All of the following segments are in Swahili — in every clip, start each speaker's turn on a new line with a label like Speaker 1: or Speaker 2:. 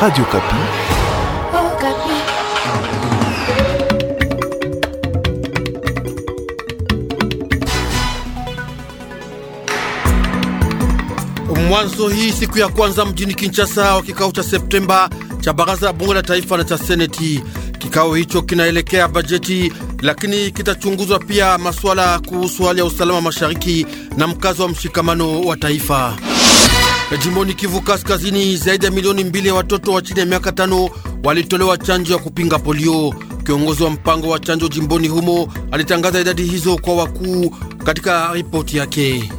Speaker 1: Radio Kapi.
Speaker 2: Oh, Kapi.
Speaker 3: Mwanzo hii siku ya kwanza mjini Kinshasa wa kikao cha Septemba cha baraza la bunge la taifa na cha seneti. Kikao hicho kinaelekea bajeti, lakini kitachunguzwa pia masuala kuhusu hali ya usalama mashariki na mkazo wa mshikamano wa taifa. E, jimboni Kivu Kaskazini, zaidi ya milioni mbili ya watoto wa chini ya miaka tano walitolewa chanjo ya kupinga polio. Kiongozi wa mpango wa chanjo jimboni humo alitangaza idadi hizo kwa wakuu katika ripoti yake.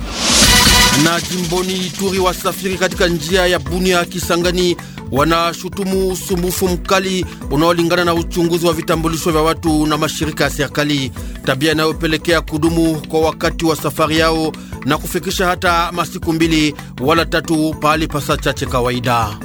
Speaker 3: Na jimboni Ituri, wasafiri katika njia ya Bunia Kisangani wanashutumu usumbufu mkali unaolingana na uchunguzi wa vitambulisho vya watu na mashirika ya serikali, tabia inayopelekea kudumu kwa wakati wa safari yao na kufikisha hata masiku mbili wala tatu pahali pasa chache kawaida.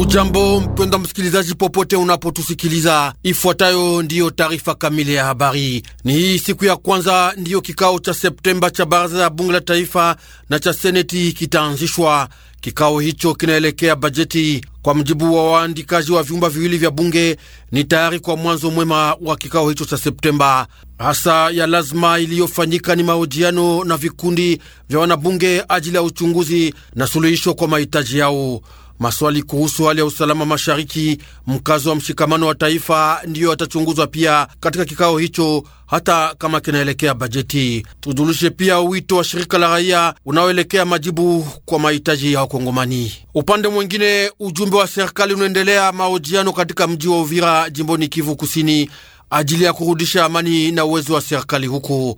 Speaker 3: Ujambo mpenda msikilizaji, popote unapotusikiliza, ifuatayo ndiyo taarifa kamili ya habari. Ni hii siku ya kwanza ndiyo kikao cha Septemba cha baraza la bunge la taifa na cha seneti kitaanzishwa. Kikao hicho kinaelekea bajeti. Kwa mjibu wa waandikaji wa vyumba viwili vya bunge, ni tayari kwa mwanzo mwema wa kikao hicho cha Septemba. Hasa ya lazima iliyofanyika ni mahojiano na vikundi vya wanabunge ajili ya uchunguzi na suluhisho kwa mahitaji yao. Maswali kuhusu hali ya usalama mashariki, mkazo wa mshikamano wa taifa ndiyo atachunguzwa pia katika kikao hicho, hata kama kinaelekea bajeti. Tujulishe pia wito wa shirika la raia unaoelekea majibu kwa mahitaji ya Wakongomani. Upande mwingine, ujumbe wa serikali unaendelea mahojiano katika mji wa Uvira, jimboni Kivu Kusini, ajili ya kurudisha amani na uwezo wa serikali huko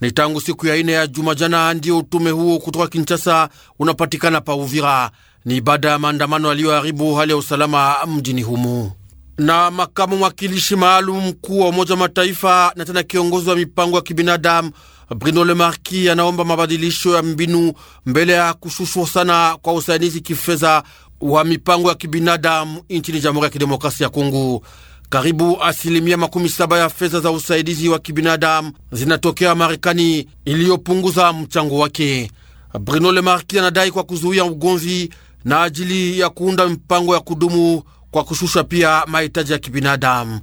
Speaker 3: ni tangu siku ya ine ya juma jana ndiyo utume huo kutoka Kinshasa unapatikana pa Uvira ni baada ya maandamano yaliyoharibu hali ya usalama mjini humo. Na makamu mwakilishi maalum mkuu wa Umoja wa Mataifa na tena kiongozi wa mipango ya kibinadamu Bruno Le Marquis anaomba mabadilisho ya mbinu mbele ya kushushwa sana kwa usaidizi kifedha wa mipango ya kibinadamu nchini Jamhuri ya Kidemokrasia ya Kongo. Karibu asilimia makumi saba ya fedha za usaidizi wa kibinadamu zinatokea Marekani iliyopunguza mchango wake. Bruno Le Marquis anadai kwa kuzuia ugomvi na ajili ya kuunda mpango ya kudumu kwa kushusha pia mahitaji ya kibinadamu.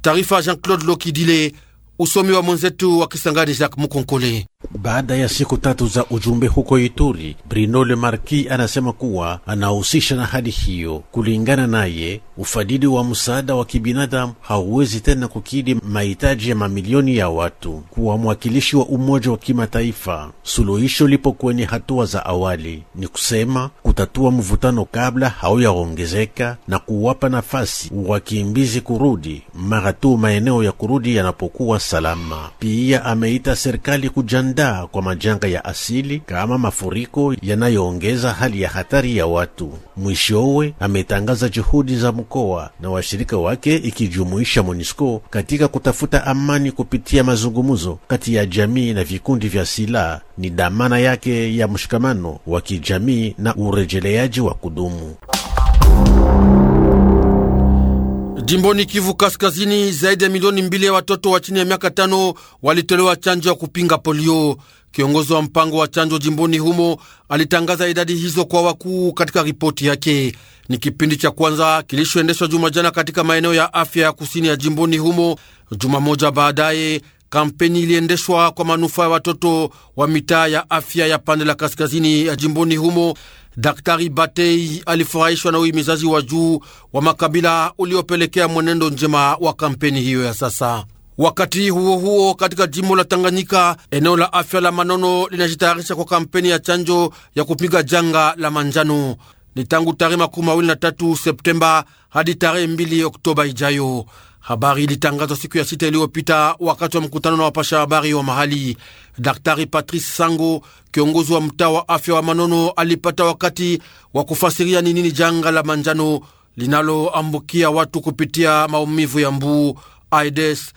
Speaker 3: Taarifa Jean-Claude Lokidile,
Speaker 4: usomi wa mwenzetu wa Kisangani Jacques Mukonkole. Baada ya siku tatu za ujumbe huko Ituri, Bruno Le Marquis anasema kuwa anahusisha na hali hiyo. Kulingana naye, ufadhili wa msaada wa kibinadamu hauwezi tena kukidhi mahitaji ya mamilioni ya watu. Kuwa mwakilishi wa Umoja wa Kimataifa, suluhisho lipo kwenye hatua za awali, ni kusema kutatua mvutano kabla hauyaongezeka na kuwapa nafasi wakimbizi kurudi mara tu maeneo ya kurudi yanapokuwa salama. Pia ameita serikali kuja kujiandaa kwa majanga ya asili kama mafuriko yanayoongeza hali ya hatari ya watu. Mwishowe ametangaza juhudi za mkoa na washirika wake ikijumuisha MONUSCO katika kutafuta amani kupitia mazungumzo kati ya jamii na vikundi vya silaha. Ni dhamana yake ya mshikamano wa kijamii na urejeleaji wa kudumu.
Speaker 3: Jimboni Kivu Kaskazini, zaidi ya milioni mbili ya watoto wa chini ya miaka tano walitolewa chanjo ya kupinga polio. Kiongozi wa mpango wa chanjo jimboni humo alitangaza idadi hizo kwa wakuu katika ripoti yake. Ni kipindi cha kwanza kilichoendeshwa juma jana katika maeneo ya afya ya kusini ya jimboni humo. Juma moja baadaye, kampeni iliendeshwa kwa manufaa ya watoto wa mitaa ya afya ya pande la kaskazini ya jimboni humo Daktari Batei alifurahishwa na uhimizaji wa juu wa makabila uliopelekea mwenendo njema wa kampeni hiyo ya sasa. Wakati huo huo, katika jimbo la Tanganyika, eneo la afya la Manono linajitayarisha kwa kampeni ya chanjo ya kupiga janga la manjano ni tangu tarehe makumi mawili na tatu Septemba hadi tarehe mbili Oktoba ijayo. Habari ilitangazwa siku ya sita iliyopita wakati wa mkutano na wapasha habari wa mahali. Daktari Patrice Sango, kiongozi wa mtaa wa afya wa Manono, alipata wakati wa kufasiria ni nini janga la manjano linaloambukia watu kupitia maumivu ya mbuu aedes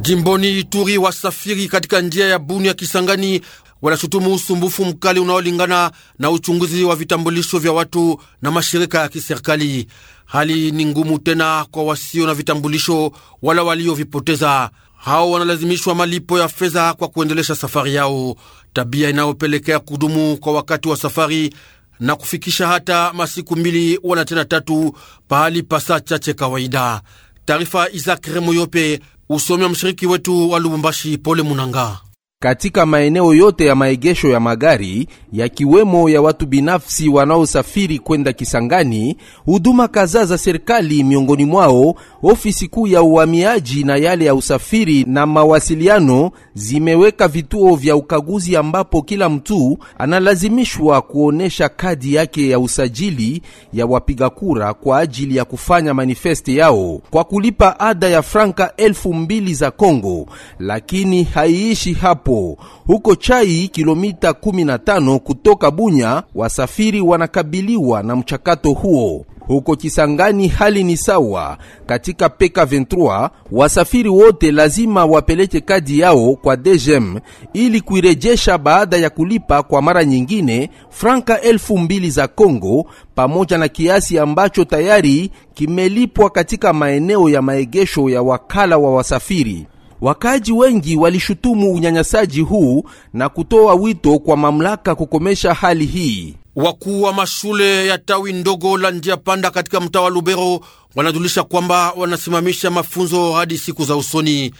Speaker 3: Jimboni Ituri, wasafiri katika njia ya Bunia Kisangani wanashutumu usumbufu mkali unaolingana na uchunguzi wa vitambulisho vya watu na mashirika ya kiserikali. Hali ni ngumu tena kwa wasio na vitambulisho wala waliovipoteza. Hao wanalazimishwa malipo ya fedha kwa kuendelesha safari yao, tabia inayopelekea kudumu kwa wakati wa safari na kufikisha hata masiku mbili wala tena tatu pahali pa saa chache kawaida. Taarifa Isak Remoyope, usomi wa mshiriki wetu wa Lubumbashi, Pole Munanga katika
Speaker 5: maeneo yote ya maegesho ya magari yakiwemo ya watu binafsi wanaosafiri kwenda Kisangani, huduma kadhaa za serikali, miongoni mwao ofisi kuu ya uhamiaji na yale ya usafiri na mawasiliano, zimeweka vituo vya ukaguzi ambapo kila mtu analazimishwa kuonesha kadi yake ya usajili ya wapiga kura kwa ajili ya kufanya manifesti yao kwa kulipa ada ya franka elfu mbili za Kongo, lakini haiishi hapo hapo. Huko Chai, kilomita 15 kutoka Bunya, wasafiri wanakabiliwa na mchakato huo. Huko Kisangani hali ni sawa. Katika peka 23 wasafiri wote lazima wapeleke kadi yao kwa DGM ili kuirejesha baada ya kulipa kwa mara nyingine franka elfu mbili za congo pamoja na kiasi ambacho tayari kimelipwa katika maeneo ya maegesho ya wakala wa wasafiri. Wakaaji wengi walishutumu unyanyasaji huu na kutoa wito kwa mamlaka kukomesha hali hii.
Speaker 3: Wakuu wa mashule ya tawi ndogo la njia panda katika mtaa wa Lubero wanajulisha kwamba wanasimamisha mafunzo hadi siku za usoni.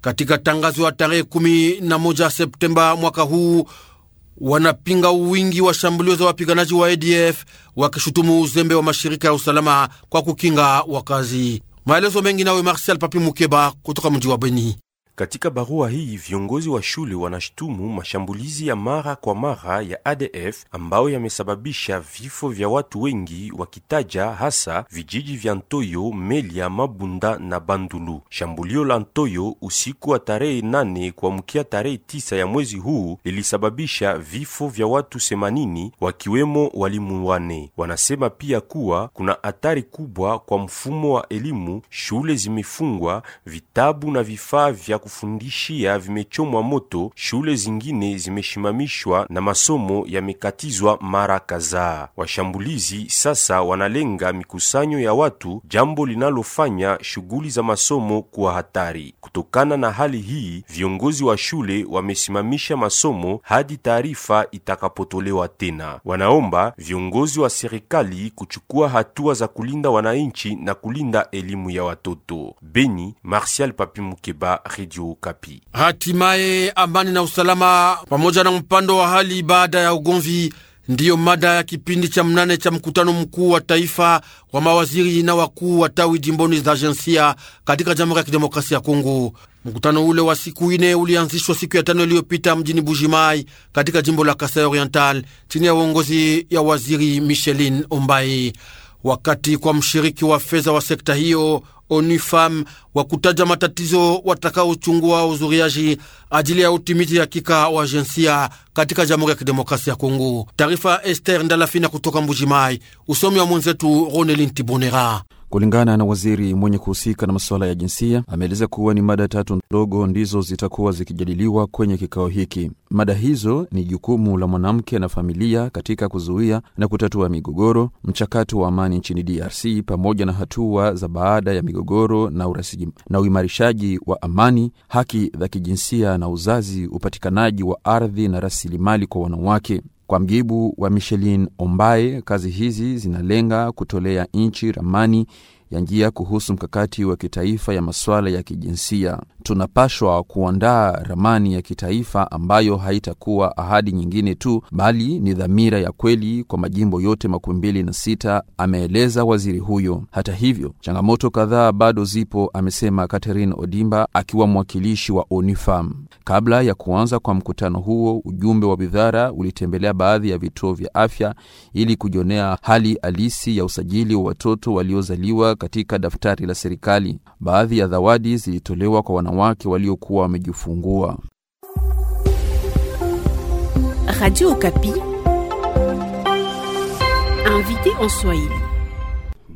Speaker 3: Katika tangazo ya tarehe 11 Septemba mwaka huu, wanapinga wingi wa shambulio za wapiganaji wa ADF wakishutumu uzembe wa mashirika ya usalama kwa kukinga wakazi. Maelezo mengi nawe
Speaker 6: Marsial Papi Mukeba kutoka mji wa Beni. Katika barua hii viongozi wa shule wanashtumu mashambulizi ya mara kwa mara ya ADF ambayo yamesababisha vifo vya watu wengi, wakitaja hasa vijiji vya Ntoyo, Melia, Mabunda na Bandulu. Shambulio la Ntoyo usiku wa tarehe nane kuamkia tarehe tisa ya mwezi huu lilisababisha vifo vya watu semanini wakiwemo walimu wane. Wanasema pia kuwa kuna hatari kubwa kwa mfumo wa elimu, shule zimefungwa, vitabu na vifaa vya kufundishia vimechomwa moto, shule zingine zimeshimamishwa na masomo yamekatizwa mara kadhaa. Washambulizi sasa wanalenga mikusanyo ya watu, jambo linalofanya shughuli za masomo kuwa hatari. Kutokana na hali hii, viongozi wa shule wamesimamisha masomo hadi taarifa itakapotolewa tena. Wanaomba viongozi wa serikali kuchukua hatua za kulinda wananchi na kulinda elimu ya watoto. Beni, Martial Papi Mukeba, Radio Radio Kapi.
Speaker 3: Hatimaye amani na usalama pamoja na mpando wa hali baada ya ugomvi ndiyo mada ya kipindi cha mnane cha mkutano mkuu wa taifa wa mawaziri na wakuu wa tawi jimboni za agensia katika Jamhuri ya Kidemokrasia ya Kongo. Mkutano ule wa siku ine ulianzishwa siku ya tano iliyopita mjini Bujimai katika jimbo la Kasai Oriental chini ya uongozi ya waziri Michelin Ombai. Wakati kwa mshiriki wa fedha wa sekta hiyo ONUFAM wa kutaja matatizo watakaochungua uzuriaji ajili ya utimizi hakika wa jinsia katika Jamhuri ya Kidemokrasia ya Kongo. Taarifa Esther Ndalafina kutoka Mbujimai, usomi wa mwenzetu Ronelin Tibonera.
Speaker 7: Kulingana na waziri mwenye kuhusika na masuala ya jinsia, ameeleza kuwa ni mada tatu ndogo ndizo zitakuwa zikijadiliwa kwenye kikao hiki. Mada hizo ni jukumu la mwanamke na familia katika kuzuia na kutatua migogoro, mchakato wa amani nchini DRC pamoja na hatua za baada ya migogoro na urasiji, na uimarishaji wa amani, haki za kijinsia na uzazi, upatikanaji wa ardhi na rasilimali kwa wanawake. Kwa mjibu wa Michelin Ombaye, kazi hizi zinalenga kutolea nchi ramani ya njia kuhusu mkakati wa kitaifa ya masuala ya kijinsia tunapashwa kuandaa ramani ya kitaifa ambayo haitakuwa ahadi nyingine tu bali ni dhamira ya kweli kwa majimbo yote makumi mbili na sita ameeleza waziri huyo hata hivyo changamoto kadhaa bado zipo amesema catherine odimba akiwa mwakilishi wa onifam kabla ya kuanza kwa mkutano huo ujumbe wa bidhara ulitembelea baadhi ya vituo vya afya ili kujionea hali halisi ya usajili wa watoto waliozaliwa katika daftari la serikali baadhi ya zawadi zilitolewa kwa wana wanawake waliokuwa wamejifungua.
Speaker 2: Radio Okapi, invité en Swahili.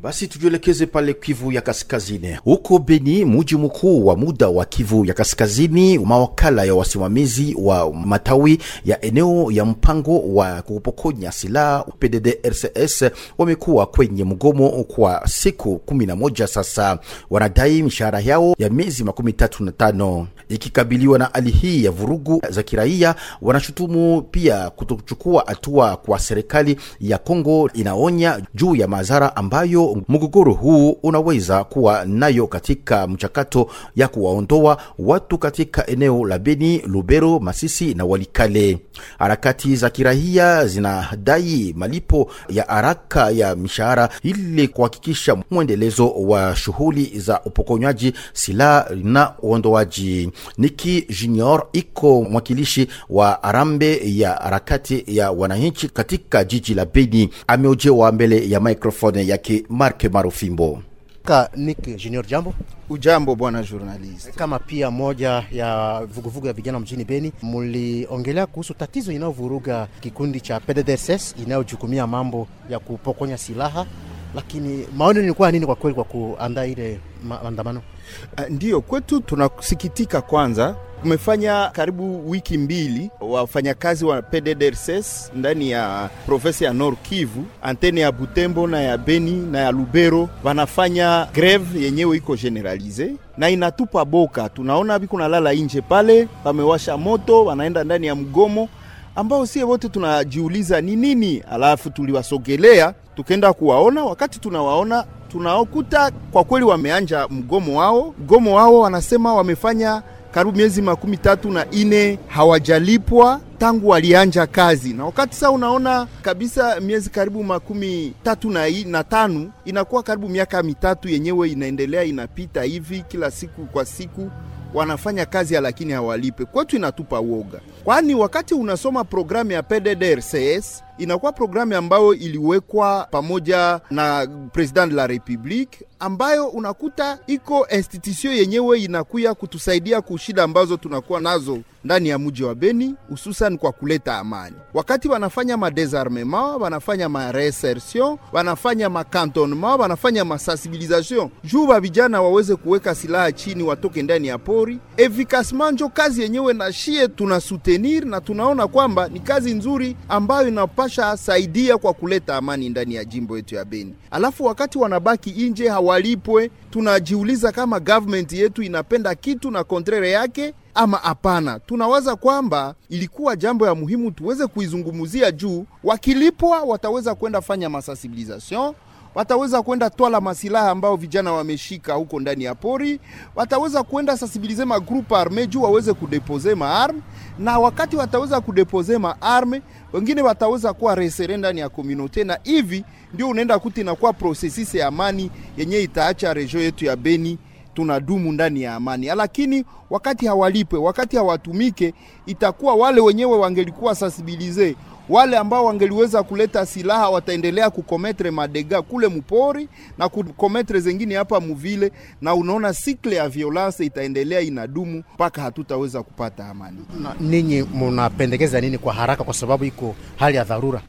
Speaker 8: Basi tujielekeze pale Kivu ya Kaskazini, huko Beni, mji mkuu wa muda wa Kivu ya Kaskazini. Mawakala ya wasimamizi wa matawi ya eneo ya mpango wa kupokonya silaha PDDRCS wamekuwa kwenye mgomo kwa siku kumi na moja sasa, wanadai mishahara yao ya miezi makumi tatu na tano. Ikikabiliwa na hali hii ya vurugu za kiraia, wanashutumu pia kutochukua hatua kwa serikali ya Kongo, inaonya juu ya madhara ambayo Mgogoro huu unaweza kuwa nayo katika mchakato ya kuwaondoa watu katika eneo la Beni, Lubero, Masisi na Walikale. Harakati za kirahia zinadai malipo ya haraka ya mishahara ili kuhakikisha mwendelezo wa shughuli za upokonywaji silaha na uondoaji. Niki Junior iko mwakilishi wa arambe ya harakati ya wananchi katika jiji la Beni, ameojewa mbele ya microphone yake. Mark Marufimbo.
Speaker 1: Nick Junior, jambo. Ujambo bwana journalist. Kama pia moja ya vuguvugu ya vijana mjini Beni, muliongelea kuhusu tatizo inayovuruga kikundi cha PDDSS inayojukumia mambo ya kupokonya silaha, lakini maoni nilikuwa nini kwa kweli kwa kuandaa ile maandamano? Uh, eh, ndiyo kwetu tunasikitika kwanza Tumefanya karibu wiki mbili wafanyakazi wa PDDRCS ndani ya provinsi ya Nord Kivu, antene ya Butembo na ya Beni na ya Lubero wanafanya greve yenyewe iko generalize na inatupa boka, tunaona biko nalala inje pale, pamewasha moto, wanaenda ndani ya mgomo ambao sie wote tunajiuliza ni nini. Alafu tuliwasogelea tukenda kuwaona, wakati tunawaona tunaokuta kwa kweli wameanja mgomo wao. Mgomo wao wanasema wamefanya karibu miezi makumi tatu na ine hawajalipwa tangu walianja kazi, na wakati saa unaona kabisa miezi karibu makumi tatu na, i, na tano inakuwa karibu miaka mitatu yenyewe inaendelea inapita hivi kila siku kwa siku wanafanya kazi lakini hawalipe. Kwetu inatupa uoga, kwani wakati unasoma programu ya PDDRCS inakuwa programu ambayo iliwekwa pamoja na president de la republique, ambayo unakuta iko institution yenyewe inakuya kutusaidia kushida ambazo tunakuwa nazo ndani ya mji wa Beni, hususan kwa kuleta amani. Wakati wanafanya madesarmement, wanafanya maresertion, wanafanya makantonema wanafanya masensibilisation juu wa vijana waweze kuweka silaha chini, watoke ndani ya pori. Efikasement njo kazi yenyewe, na shie tunasutenir na tunaona kwamba ni kazi nzuri ambayo inapa wanapasha saidia kwa kuleta amani ndani ya jimbo yetu ya Beni, alafu wakati wanabaki nje hawalipwe. Tunajiuliza kama government yetu inapenda kitu na kontrere yake ama hapana. Tunawaza kwamba ilikuwa jambo ya muhimu tuweze kuizungumzia juu, wakilipwa wataweza kwenda fanya masensibilisation wataweza kwenda twala masilaha ambao vijana wameshika huko ndani ya pori, wataweza kwenda sensibilize magrupu arme juu waweze kudepose maarme, na wakati wataweza kudepose maarme, wengine wataweza kuwa resere ndani ya komunote, na hivi ndio unaenda kuti kwa prosesisi ya amani yenye itaacha rejo yetu ya Beni tunadumu ndani ya amani, lakini wakati hawalipwe, wakati hawatumike, itakuwa wale wenyewe wangelikuwa sensibilize wale ambao wangeliweza kuleta silaha wataendelea kukometre madega kule mupori na kukometre zengine hapa muvile, na unaona sikle ya violence itaendelea inadumu mpaka hatutaweza kupata amani. Ninyi munapendekeza nini kwa haraka, kwa sababu iko hali ya dharura?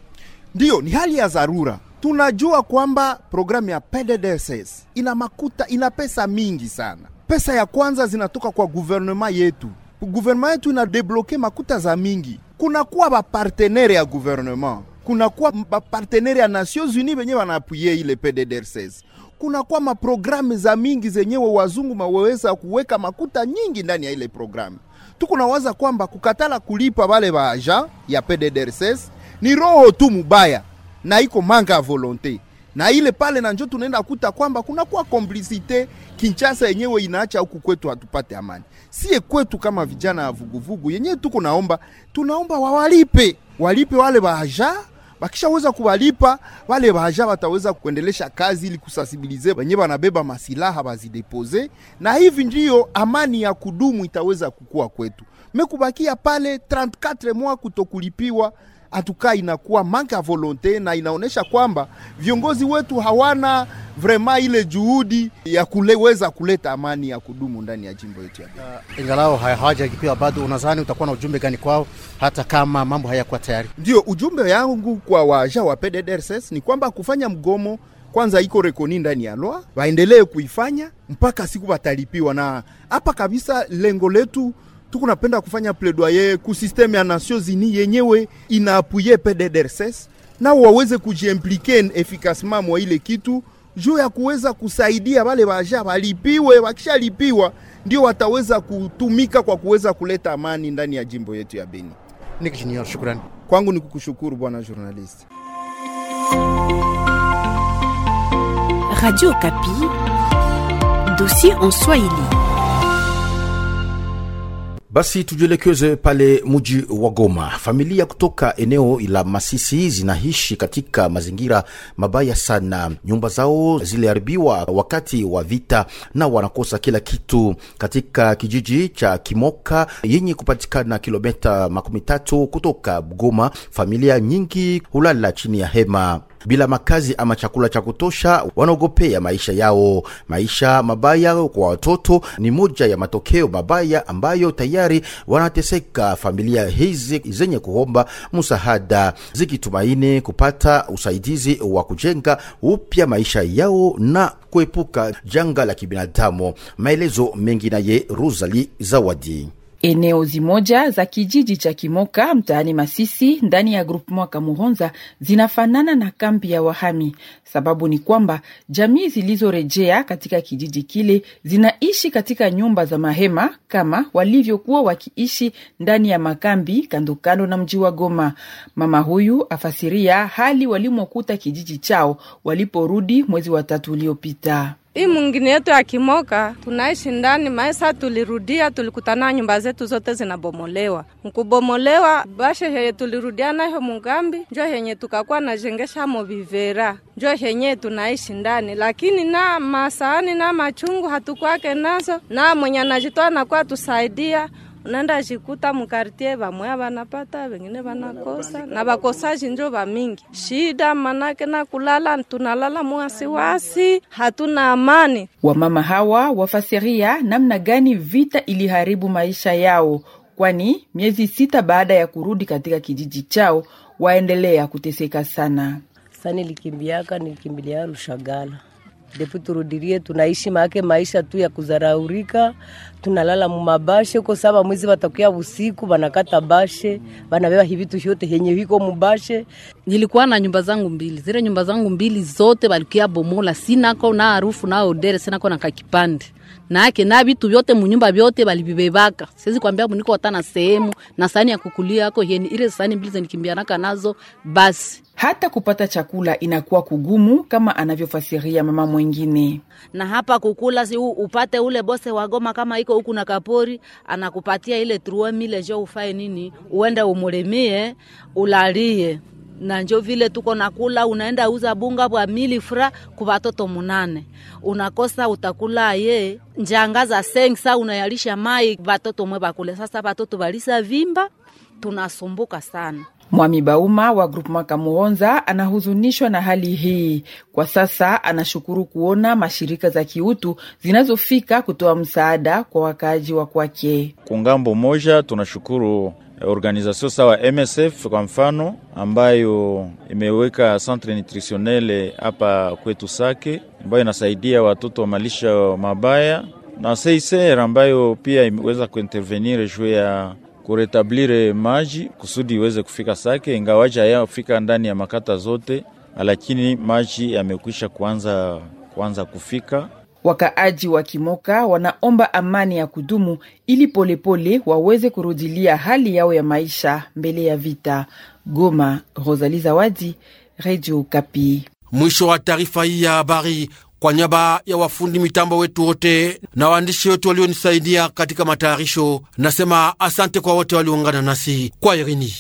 Speaker 1: Ndiyo, ni hali ya dharura. Tunajua kwamba programu ya PDDSS ina makuta, ina pesa mingi sana. Pesa ya kwanza zinatoka kwa guvernema yetu, guvernema yetu ina debloke makuta za mingi kunakuwa bapartenere ya gouvernement kunakuwa bapartenere ya Nations Unies benye banaapuye ile PDDR16 kunakuwa maprogramu za mingi zenyewe wazungu maweweza kuweka makuta nyingi ndani ya ile programe Tukunawaza kwamba kukatala kulipa wale agent ya PDDR16 ni roho tu mubaya na iko manga ya volonte na ile pale, na njo tunaenda kuta kwamba kuna kwa komplisite. Kinchasa yenyewe inaacha huku kwetu hatupate amani, sie kwetu kama vijana ya vuguvugu yenyewe tuko naomba, tunaomba wawalipe, walipe wale bakisha wakishaweza kuwalipa wale bahaja wataweza kuendelesha kazi ili kusasibilize wenye wanabeba masilaha wazidepoze, na hivi ndio amani ya kudumu itaweza kukua kwetu. Mekubakia pale 34 mwa kutokulipiwa atuka inakuwa manke ya volonte, na inaonyesha kwamba viongozi wetu hawana vrema ile juhudi ya kuweza kuleta amani ya kudumu ndani ya jimbo yetu ya Beni. Uh, ingalao hawajakipewa bado. unazani utakuwa na ujumbe gani kwao hata kama mambo hayakuwa tayari? Ndio ujumbe yangu kwa waja wa PDDRSS ni kwamba kufanya mgomo kwanza iko rekoni ndani ya loa, waendelee kuifanya mpaka siku watalipiwa, na hapa kabisa lengo letu tukunapenda napenda kufanya plaidoyer ku systeme ya Nations Unies yenyewe inaapuye PDDRCS na waweze kujiimplike efficacement mwa ile kitu juu ya kuweza kusaidia wale waja walipiwe. Wakishalipiwa ndio wataweza kutumika kwa kuweza kuleta amani ndani ya jimbo yetu ya Beni. Nick Junior, shukrani kwangu ni kukushukuru bwana journalist.
Speaker 2: Radio Kapi, dossier en Swahili.
Speaker 8: Basi tujielekeze pale mji wa Goma. Familia kutoka eneo la Masisi zinaishi katika mazingira mabaya sana, nyumba zao ziliharibiwa wakati wa vita na wanakosa kila kitu, katika kijiji cha Kimoka yenye kupatikana kilometa makumi tatu kutoka Goma. Familia nyingi hulala chini ya hema bila makazi ama chakula cha kutosha, wanaogopea maisha yao. Maisha mabaya kwa watoto ni moja ya matokeo mabaya ambayo tayari wanateseka. Familia hizi zenye kuomba msaada zikitumaini kupata usaidizi wa kujenga upya maisha yao na kuepuka janga la kibinadamu. Maelezo mengi naye Rosali Zawadi.
Speaker 2: Eneo zimoja za kijiji cha Kimoka mtaani Masisi ndani ya grupema Kamuhonza zinafanana na kambi ya wahami. Sababu ni kwamba jamii zilizorejea katika kijiji kile zinaishi katika nyumba za mahema kama walivyokuwa wakiishi ndani ya makambi kandokando na mji wa Goma. Mama huyu afasiria hali walimokuta kijiji chao waliporudi mwezi wa tatu uliopita. Hii mwingine yetu ya kimoka tunaishi ndani maesa, tulirudia tulikutana, nyumba zetu zote zinabomolewa. Mkubomolewa bashe heye tulirudia nayo mungambi, njo henye tukakuwa najengesha movivera, njo henye tunaishi ndani, lakini na masaani na machungu hatukwake nazo, na mwenye anajitoa nakuwa tusaidia unaenda shikuta mkartie vamwe vanapata vengine vanakosa na vakosaji njo vamingi shida, manake na kulala tunalala mwasiwasi, hatuna amani. Wamama hawa wafasiria namna gani vita iliharibu maisha yao, kwani miezi sita baada ya kurudi katika kijiji chao waendelea kuteseka sana. Sa nilikimbiaka nilikimbilia Rushagala depu turudirie, tunaishi maake maisha tu ya kuzaraurika, tunalala mumabashe uko saba mwezi watakuya usiku wanakata bashe wanabeba hivitu vyote yenye viko mubashe. Nilikuwa na nyumba zangu mbili, zile nyumba zangu mbili zote walikuya bomola, sinako na harufu na odere, sinako na kakipande nake na vitu vyote munyumba vyote balibibebaka. Siwezi kwambia muniko watana sehemu na sahani ya kukulia yako heni, ile sahani mbili zenikimbia naka nazo basi hata kupata chakula inakuwa kugumu, kama anavyofasiria mama mwingine. Na hapa kukula si upate ule bose wa Goma kama iko huku na kapori anakupatia ile mile jo, ufae nini, uende umulimie ulalie na njo vile tuko nakula, unaenda uza bunga bwa mili fra ku batoto munane, unakosa utakula ye njanga za seng sa unayalisha mai batoto mwe bakule. Sasa batoto balisa vimba, tunasumbuka sana Mwami Bauma wa Groupement Kamuhonza anahuzunishwa na hali hii. Kwa sasa anashukuru kuona mashirika za kiutu zinazofika kutoa msaada kwa wakaaji wa kwake.
Speaker 6: Kungambo moja, tunashukuru eh, organizasio sawa MSF kwa mfano, ambayo imeweka centre nutritionnel hapa kwetu Sake, ambayo inasaidia watoto wa malisha mabaya na CICR ambayo pia imeweza kuintervenir juu ya kuretablir maji kusudi iweze kufika Sake, ingawaja hayafika ndani ya makata zote, lakini maji yamekwisha kuanza kuanza kufika.
Speaker 2: Wakaaji wa Kimoka wanaomba amani ya kudumu ili polepole waweze kurudilia hali yao ya maisha mbele ya vita. Goma, Rosalie Zawadi, Radio Kapi.
Speaker 3: Mwisho wa taarifa hii ya habari kwa nyaba ya wafundi mitambo wetu wote na waandishi wetu walionisaidia katika matayarisho, nasema asante kwa wote walioungana nasi kwa Irini.